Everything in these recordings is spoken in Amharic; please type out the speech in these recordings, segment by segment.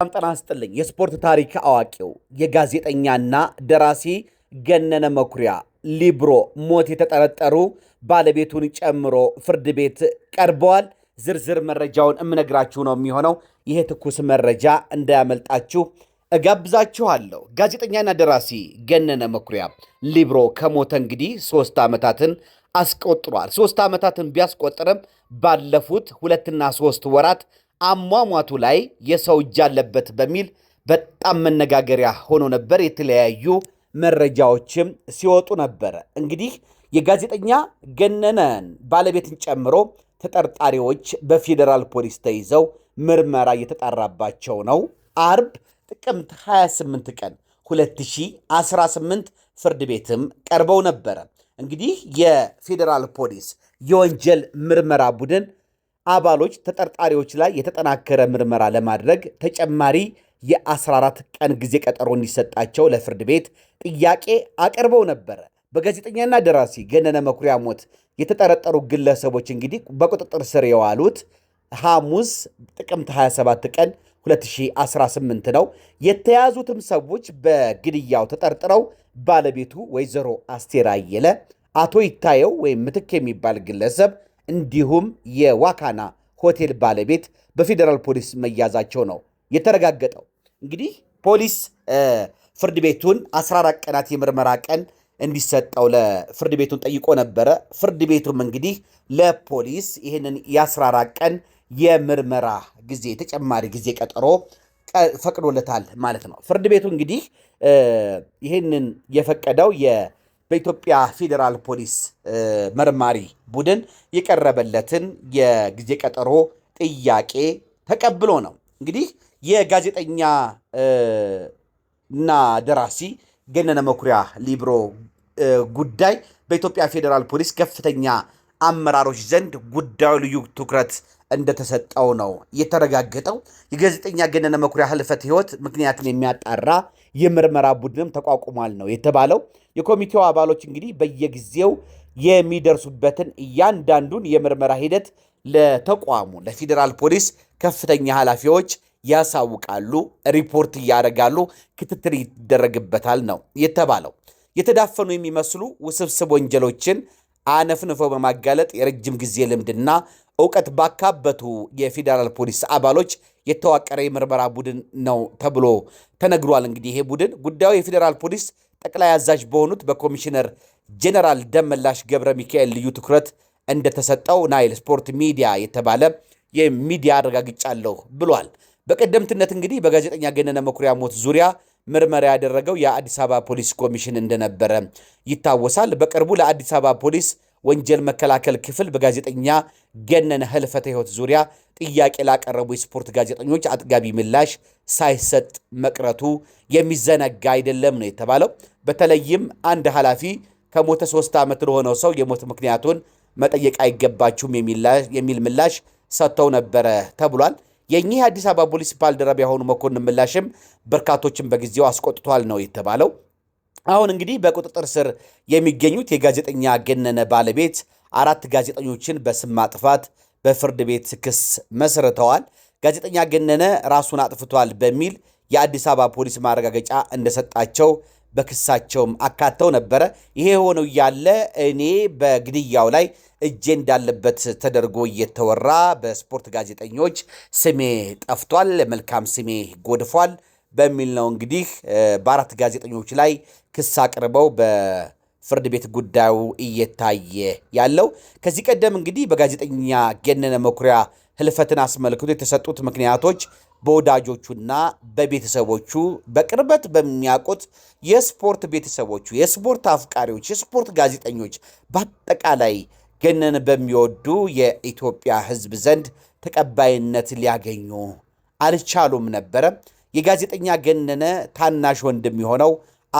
በጣም ጠና ይስጥልኝ የስፖርት ታሪክ አዋቂው የጋዜጠኛና ደራሲ ገነነ መኩሪያ ሊብሮ ሞት የተጠረጠሩ ባለቤቱን ጨምሮ ፍርድ ቤት ቀርበዋል። ዝርዝር መረጃውን እምነግራችሁ ነው የሚሆነው። ይሄ ትኩስ መረጃ እንዳያመልጣችሁ እጋብዛችኋለሁ። ጋዜጠኛና ደራሲ ገነነ መኩሪያ ሊብሮ ከሞተ እንግዲህ ሶስት ዓመታትን አስቆጥሯል። ሶስት ዓመታትን ቢያስቆጥርም ባለፉት ሁለትና ሶስት ወራት አሟሟቱ ላይ የሰው እጅ አለበት በሚል በጣም መነጋገሪያ ሆኖ ነበር። የተለያዩ መረጃዎችም ሲወጡ ነበረ። እንግዲህ የጋዜጠኛ ገነነን ባለቤትን ጨምሮ ተጠርጣሪዎች በፌዴራል ፖሊስ ተይዘው ምርመራ እየተጣራባቸው ነው። አርብ ጥቅምት 28 ቀን 2018 ፍርድ ቤትም ቀርበው ነበረ። እንግዲህ የፌዴራል ፖሊስ የወንጀል ምርመራ ቡድን አባሎች ተጠርጣሪዎች ላይ የተጠናከረ ምርመራ ለማድረግ ተጨማሪ የ14 ቀን ጊዜ ቀጠሮ እንዲሰጣቸው ለፍርድ ቤት ጥያቄ አቅርበው ነበረ። በጋዜጠኛና ደራሲ ገነነ መኩሪያ ሞት የተጠረጠሩ ግለሰቦች እንግዲህ በቁጥጥር ስር የዋሉት ሐሙስ ጥቅምት 27 ቀን 2018 ነው። የተያዙትም ሰዎች በግድያው ተጠርጥረው ባለቤቱ ወይዘሮ አስቴር አየለ፣ አቶ ይታየው ወይም ምትክ የሚባል ግለሰብ እንዲሁም የዋካና ሆቴል ባለቤት በፌዴራል ፖሊስ መያዛቸው ነው የተረጋገጠው። እንግዲህ ፖሊስ ፍርድ ቤቱን 14 ቀናት የምርመራ ቀን እንዲሰጠው ለፍርድ ቤቱን ጠይቆ ነበረ። ፍርድ ቤቱም እንግዲህ ለፖሊስ ይህንን የ14 ቀን የምርመራ ጊዜ ተጨማሪ ጊዜ ቀጠሮ ፈቅዶለታል ማለት ነው። ፍርድ ቤቱ እንግዲህ ይህንን የፈቀደው በኢትዮጵያ ፌዴራል ፖሊስ መርማሪ ቡድን የቀረበለትን የጊዜ ቀጠሮ ጥያቄ ተቀብሎ ነው። እንግዲህ የጋዜጠኛ እና ደራሲ ገነነ መኩሪያ ሊብሮ ጉዳይ በኢትዮጵያ ፌዴራል ፖሊስ ከፍተኛ አመራሮች ዘንድ ጉዳዩ ልዩ ትኩረት እንደተሰጠው ነው የተረጋገጠው። የጋዜጠኛ ገነነ መኩሪያ ህልፈት ህይወት ምክንያትን የሚያጣራ የምርመራ ቡድንም ተቋቁሟል ነው የተባለው። የኮሚቴው አባሎች እንግዲህ በየጊዜው የሚደርሱበትን እያንዳንዱን የምርመራ ሂደት ለተቋሙ ለፌዴራል ፖሊስ ከፍተኛ ኃላፊዎች ያሳውቃሉ፣ ሪፖርት እያደረጋሉ፣ ክትትል ይደረግበታል ነው የተባለው። የተዳፈኑ የሚመስሉ ውስብስብ ወንጀሎችን አነፍንፎ በማጋለጥ የረጅም ጊዜ ልምድና እውቀት ባካበቱ የፌዴራል ፖሊስ አባሎች የተዋቀረ የምርመራ ቡድን ነው ተብሎ ተነግሯል። እንግዲህ ይሄ ቡድን ጉዳዩ የፌዴራል ፖሊስ ጠቅላይ አዛዥ በሆኑት በኮሚሽነር ጄኔራል ደመላሽ ገብረ ሚካኤል ልዩ ትኩረት እንደተሰጠው ናይል ስፖርት ሚዲያ የተባለ የሚዲያ አረጋግጫለሁ ብሏል። በቀደምትነት እንግዲህ በጋዜጠኛ ገነነ መኩሪያ ሞት ዙሪያ ምርመራ ያደረገው የአዲስ አበባ ፖሊስ ኮሚሽን እንደነበረ ይታወሳል። በቅርቡ ለአዲስ አበባ ፖሊስ ወንጀል መከላከል ክፍል በጋዜጠኛ ገነነ ህልፈተ ህይወት ዙሪያ ጥያቄ ላቀረቡ የስፖርት ጋዜጠኞች አጥጋቢ ምላሽ ሳይሰጥ መቅረቱ የሚዘነጋ አይደለም ነው የተባለው። በተለይም አንድ ኃላፊ ከሞተ ሶስት ዓመት ለሆነው ሰው የሞት ምክንያቱን መጠየቅ አይገባችሁም የሚል ምላሽ ሰጥተው ነበረ ተብሏል። የእኚህ የአዲስ አበባ ፖሊስ ባልደረባ የሆኑ መኮንን ምላሽም በርካቶችን በጊዜው አስቆጥቷል ነው የተባለው። አሁን እንግዲህ በቁጥጥር ስር የሚገኙት የጋዜጠኛ ገነነ ባለቤት አራት ጋዜጠኞችን በስም ማጥፋት በፍርድ ቤት ክስ መስርተዋል። ጋዜጠኛ ገነነ ራሱን አጥፍቷል በሚል የአዲስ አበባ ፖሊስ ማረጋገጫ እንደሰጣቸው በክሳቸውም አካተው ነበረ። ይሄ ሆነው ያለ እኔ በግድያው ላይ እጄ እንዳለበት ተደርጎ እየተወራ በስፖርት ጋዜጠኞች ስሜ ጠፍቷል፣ መልካም ስሜ ጎድፏል በሚል ነው እንግዲህ በአራት ጋዜጠኞች ላይ ክስ አቅርበው በፍርድ ቤት ጉዳዩ እየታየ ያለው። ከዚህ ቀደም እንግዲህ በጋዜጠኛ ገነነ መኩሪያ ህልፈትን አስመልክቶ የተሰጡት ምክንያቶች በወዳጆቹና በቤተሰቦቹ በቅርበት በሚያውቁት የስፖርት ቤተሰቦቹ፣ የስፖርት አፍቃሪዎች፣ የስፖርት ጋዜጠኞች በአጠቃላይ ገነን በሚወዱ የኢትዮጵያ ሕዝብ ዘንድ ተቀባይነት ሊያገኙ አልቻሉም ነበረ። የጋዜጠኛ ገነነ ታናሽ ወንድም የሆነው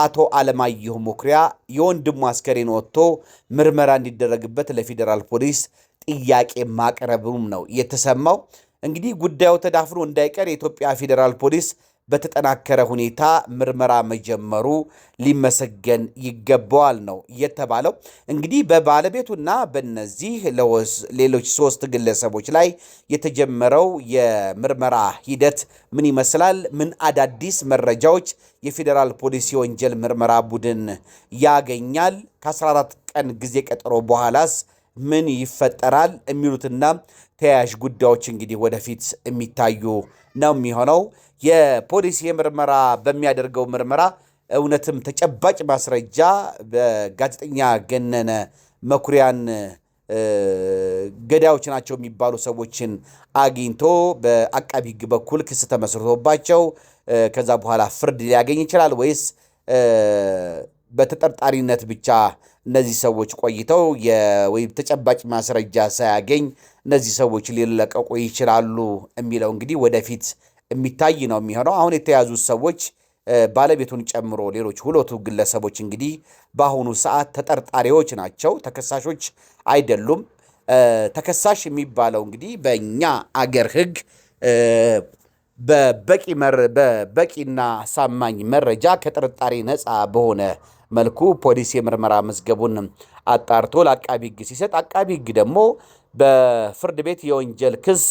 አቶ አለማየሁ መኩሪያ የወንድሙ አስከሬን ወጥቶ ምርመራ እንዲደረግበት ለፌዴራል ፖሊስ ጥያቄ ማቅረብም ነው የተሰማው። እንግዲህ ጉዳዩ ተዳፍኖ እንዳይቀር የኢትዮጵያ ፌዴራል ፖሊስ በተጠናከረ ሁኔታ ምርመራ መጀመሩ ሊመሰገን ይገባዋል ነው የተባለው። እንግዲህ በባለቤቱና በነዚህ ሌሎች ሶስት ግለሰቦች ላይ የተጀመረው የምርመራ ሂደት ምን ይመስላል? ምን አዳዲስ መረጃዎች የፌዴራል ፖሊስ የወንጀል ምርመራ ቡድን ያገኛል? ከ14 ቀን ጊዜ ቀጠሮ በኋላስ ምን ይፈጠራል? የሚሉትና ተያያዥ ጉዳዮች እንግዲህ ወደፊት የሚታዩ ነው የሚሆነው። የፖሊስ የምርመራ በሚያደርገው ምርመራ እውነትም ተጨባጭ ማስረጃ በጋዜጠኛ ገነነ መኩሪያን ገዳዮች ናቸው የሚባሉ ሰዎችን አግኝቶ በአቃቢ ሕግ በኩል ክስ ተመስርቶባቸው ከዛ በኋላ ፍርድ ሊያገኝ ይችላል ወይስ በተጠርጣሪነት ብቻ እነዚህ ሰዎች ቆይተው ወይም ተጨባጭ ማስረጃ ሳያገኝ እነዚህ ሰዎች ሊለቀቁ ይችላሉ የሚለው እንግዲህ ወደፊት የሚታይ ነው የሚሆነው። አሁን የተያዙት ሰዎች ባለቤቱን ጨምሮ ሌሎች ሁለቱ ግለሰቦች እንግዲህ በአሁኑ ሰዓት ተጠርጣሪዎች ናቸው፣ ተከሳሾች አይደሉም። ተከሳሽ የሚባለው እንግዲህ በእኛ አገር ሕግ በበቂ በበቂና አሳማኝ መረጃ ከጥርጣሬ ነፃ በሆነ መልኩ ፖሊስ የምርመራ መዝገቡን አጣርቶ ለአቃቢ ሕግ ሲሰጥ አቃቢ ሕግ ደግሞ በፍርድ ቤት የወንጀል ክስ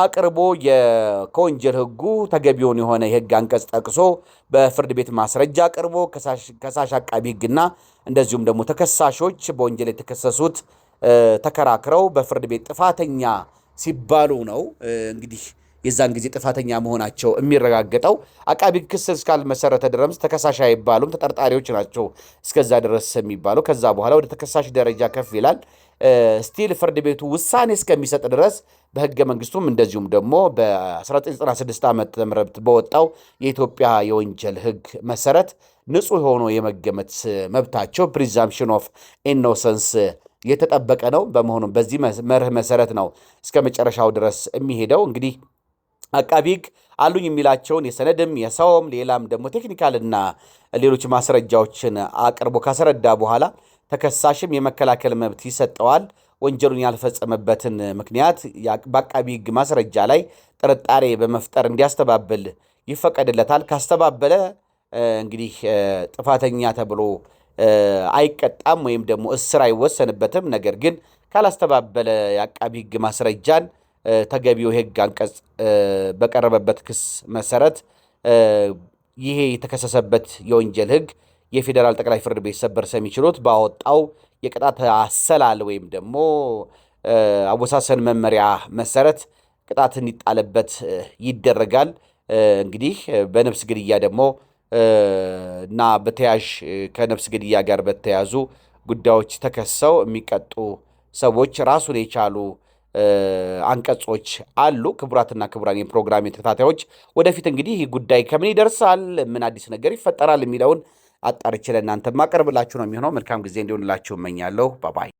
አቅርቦ ከወንጀል ህጉ ተገቢውን የሆነ የህግ አንቀጽ ጠቅሶ በፍርድ ቤት ማስረጃ አቅርቦ ከሳሽ አቃቢ ህግና እንደዚሁም ደግሞ ተከሳሾች በወንጀል የተከሰሱት ተከራክረው በፍርድ ቤት ጥፋተኛ ሲባሉ ነው እንግዲህ የዛን ጊዜ ጥፋተኛ መሆናቸው የሚረጋገጠው አቃቢ ክስ እስካልመሰረተ ድረስ ተከሳሽ አይባሉም፣ ተጠርጣሪዎች ናቸው እስከዛ ድረስ የሚባለው። ከዛ በኋላ ወደ ተከሳሽ ደረጃ ከፍ ይላል። ስቲል ፍርድ ቤቱ ውሳኔ እስከሚሰጥ ድረስ በህገ መንግስቱም እንደዚሁም ደግሞ በ1996 ዓ ም በወጣው የኢትዮጵያ የወንጀል ህግ መሰረት ንጹህ የሆኖ የመገመት መብታቸው ፕሪዛምፕሽን ኦፍ ኢኖሰንስ የተጠበቀ ነው። በመሆኑም በዚህ መርህ መሰረት ነው እስከ መጨረሻው ድረስ የሚሄደው እንግዲህ አቃቢ ሕግ አሉኝ የሚላቸውን የሰነድም የሰውም ሌላም ደግሞ ቴክኒካልና ሌሎች ማስረጃዎችን አቅርቦ ካስረዳ በኋላ ተከሳሽም የመከላከል መብት ይሰጠዋል። ወንጀሉን ያልፈጸመበትን ምክንያት በአቃቢ ሕግ ማስረጃ ላይ ጥርጣሬ በመፍጠር እንዲያስተባብል ይፈቀድለታል። ካስተባበለ እንግዲህ ጥፋተኛ ተብሎ አይቀጣም ወይም ደግሞ እስር አይወሰንበትም። ነገር ግን ካላስተባበለ የአቃቢ ሕግ ማስረጃን ተገቢው የህግ አንቀጽ በቀረበበት ክስ መሰረት ይሄ የተከሰሰበት የወንጀል ህግ የፌዴራል ጠቅላይ ፍርድ ቤት ሰበር ሰሚ ችሎት ባወጣው የቅጣት አሰላል ወይም ደግሞ አወሳሰን መመሪያ መሰረት ቅጣት እንዲጣልበት ይደረጋል። እንግዲህ በነፍስ ግድያ ደግሞ እና በተያዥ ከነፍስ ግድያ ጋር በተያዙ ጉዳዮች ተከሰው የሚቀጡ ሰዎች ራሱን የቻሉ አንቀጾች አሉ። ክቡራትና ክቡራን የፕሮግራም ተከታታዮች ወደፊት እንግዲህ ይህ ጉዳይ ከምን ይደርሳል፣ ምን አዲስ ነገር ይፈጠራል የሚለውን አጣርቼ ለእናንተ ማቀርብላችሁ ነው የሚሆነው። መልካም ጊዜ እንዲሆንላችሁ እመኛለሁ። ባባይ